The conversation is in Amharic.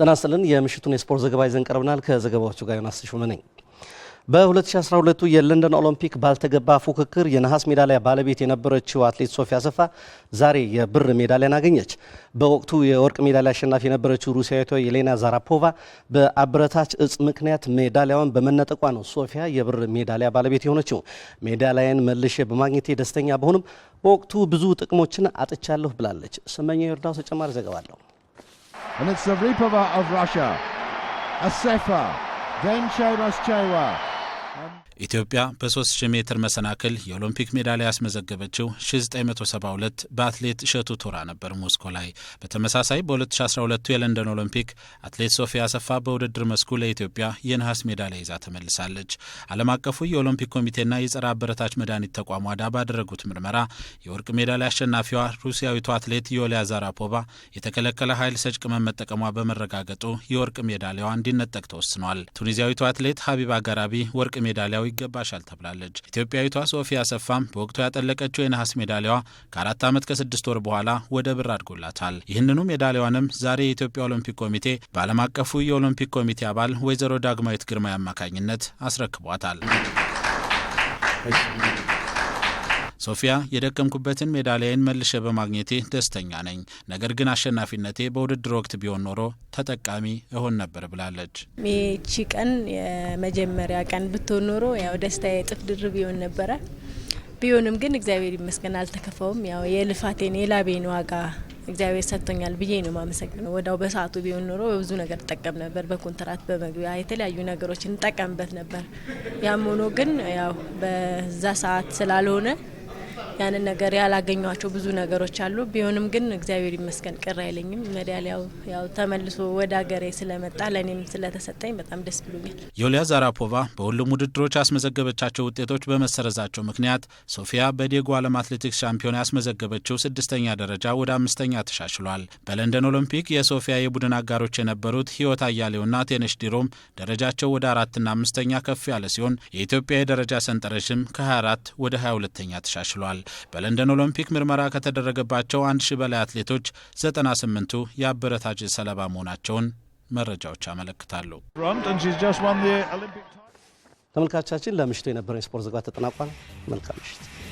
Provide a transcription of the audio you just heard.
ጤና ይስጥልን። የምሽቱን የስፖርት ዘገባ ይዘን ቀርበናል። ከዘገባዎቹ ጋር ዮናስ ሹም ነኝ። በ2012 የለንደን ኦሎምፒክ ባልተገባ ፉክክር የነሐስ ሜዳሊያ ባለቤት የነበረችው አትሌት ሶፊያ አሰፋ ዛሬ የብር ሜዳሊያን አገኘች። በወቅቱ የወርቅ ሜዳሊያ አሸናፊ የነበረችው ሩሲያዊቷ የሌና ዛራፖቫ በአበረታች እጽ ምክንያት ሜዳሊያውን በመነጠቋ ነው ሶፊያ የብር ሜዳሊያ ባለቤት የሆነችው። ሜዳሊያን መልሼ በማግኘቴ ደስተኛ በሆንም በወቅቱ ብዙ ጥቅሞችን አጥቻለሁ ብላለች። ስመኛ ዮርዳው ተጨማሪ ዘገባ አለው። And it's the Zavripova of Russia. Asefa. Then Cheva ኢትዮጵያ በ3000 ሜትር መሰናክል የኦሎምፒክ ሜዳሊያ ያስመዘገበችው 1972 በአትሌት እሸቱ ቱራ ነበር ሞስኮ ላይ። በተመሳሳይ በ2012 የለንደን ኦሎምፒክ አትሌት ሶፊያ አሰፋ በውድድር መስኩ ለኢትዮጵያ የነሐስ ሜዳሊያ ይዛ ተመልሳለች። ዓለም አቀፉ የኦሎምፒክ ኮሚቴና የጸረ አበረታች መድኃኒት ተቋም ዋዳ ባደረጉት ምርመራ የወርቅ ሜዳሊያ አሸናፊዋ ሩሲያዊቱ አትሌት ዮሊያ ዛራፖቫ የተከለከለ ኃይል ሰጭ ቅመም መጠቀሟ በመረጋገጡ የወርቅ ሜዳሊያዋ እንዲነጠቅ ተወስኗል። ቱኒዚያዊቱ አትሌት ሀቢባ ጋራቢ ወርቅ ሜዳሊያው ልትሰጠው ይገባሻል ተብላለች። ኢትዮጵያዊቷ ሶፊያ ሰፋም በወቅቱ ያጠለቀችው የነሐስ ሜዳሊያዋ ከአራት ዓመት ከስድስት ወር በኋላ ወደ ብር አድጎላታል። ይህንኑ ሜዳሊያዋንም ዛሬ የኢትዮጵያ ኦሎምፒክ ኮሚቴ በዓለም አቀፉ የኦሎምፒክ ኮሚቴ አባል ወይዘሮ ዳግማዊት ግርማይ አማካኝነት አስረክቧታል። ሶፊያ የደከምኩበትን ሜዳሊያዬን መልሼ በማግኘቴ ደስተኛ ነኝ፣ ነገር ግን አሸናፊነቴ በውድድር ወቅት ቢሆን ኖሮ ተጠቃሚ እሆን ነበር ብላለች። ይቺ ቀን የመጀመሪያ ቀን ብትሆን ኖሮ ያው ደስታ የጥፍ ድርብ ይሆን ነበረ። ቢሆንም ግን እግዚአብሔር ይመስገን አልተከፋውም። ያው የልፋቴን የላቤን ዋጋ እግዚአብሔር ሰጥቶኛል ብዬ ነው ማመሰግነው። ወዳው በሰዓቱ ቢሆን ኖሮ በብዙ ነገር እጠቀም ነበር። በኮንትራት በመግቢያ የተለያዩ ነገሮች እንጠቀምበት ነበር። ያም ሆኖ ግን ያው በዛ ሰዓት ስላልሆነ ያንን ነገር ያላገኟቸው ብዙ ነገሮች አሉ። ቢሆንም ግን እግዚአብሔር ይመስገን ቅር አይለኝም። ሜዳሊያው ያው ተመልሶ ወደ ሀገሬ ስለመጣ ለእኔም ስለተሰጠኝ በጣም ደስ ብሎኛል። ዮልያ ዛራፖቫ በሁሉም ውድድሮች ያስመዘገበቻቸው ውጤቶች በመሰረዛቸው ምክንያት ሶፊያ በዴጎ ዓለም አትሌቲክስ ሻምፒዮን ያስመዘገበችው ስድስተኛ ደረጃ ወደ አምስተኛ ተሻሽሏል። በለንደን ኦሎምፒክ የሶፊያ የቡድን አጋሮች የነበሩት ህይወት አያሌውና ቴነሽ ዲሮም ደረጃቸው ወደ አራትና አምስተኛ ከፍ ያለ ሲሆን የኢትዮጵያ የደረጃ ሰንጠረዥም ከ24 ወደ 22 ተኛ ተሻሽሏል። በለንደን ኦሎምፒክ ምርመራ ከተደረገባቸው አንድ ሺህ በላይ አትሌቶች 98ቱ የአበረታች ሰለባ መሆናቸውን መረጃዎች አመለክታሉ። ተመልካቻችን ለምሽቱ የነበረው የስፖርት ዘገባ ተጠናቋል። መልካም ምሽት።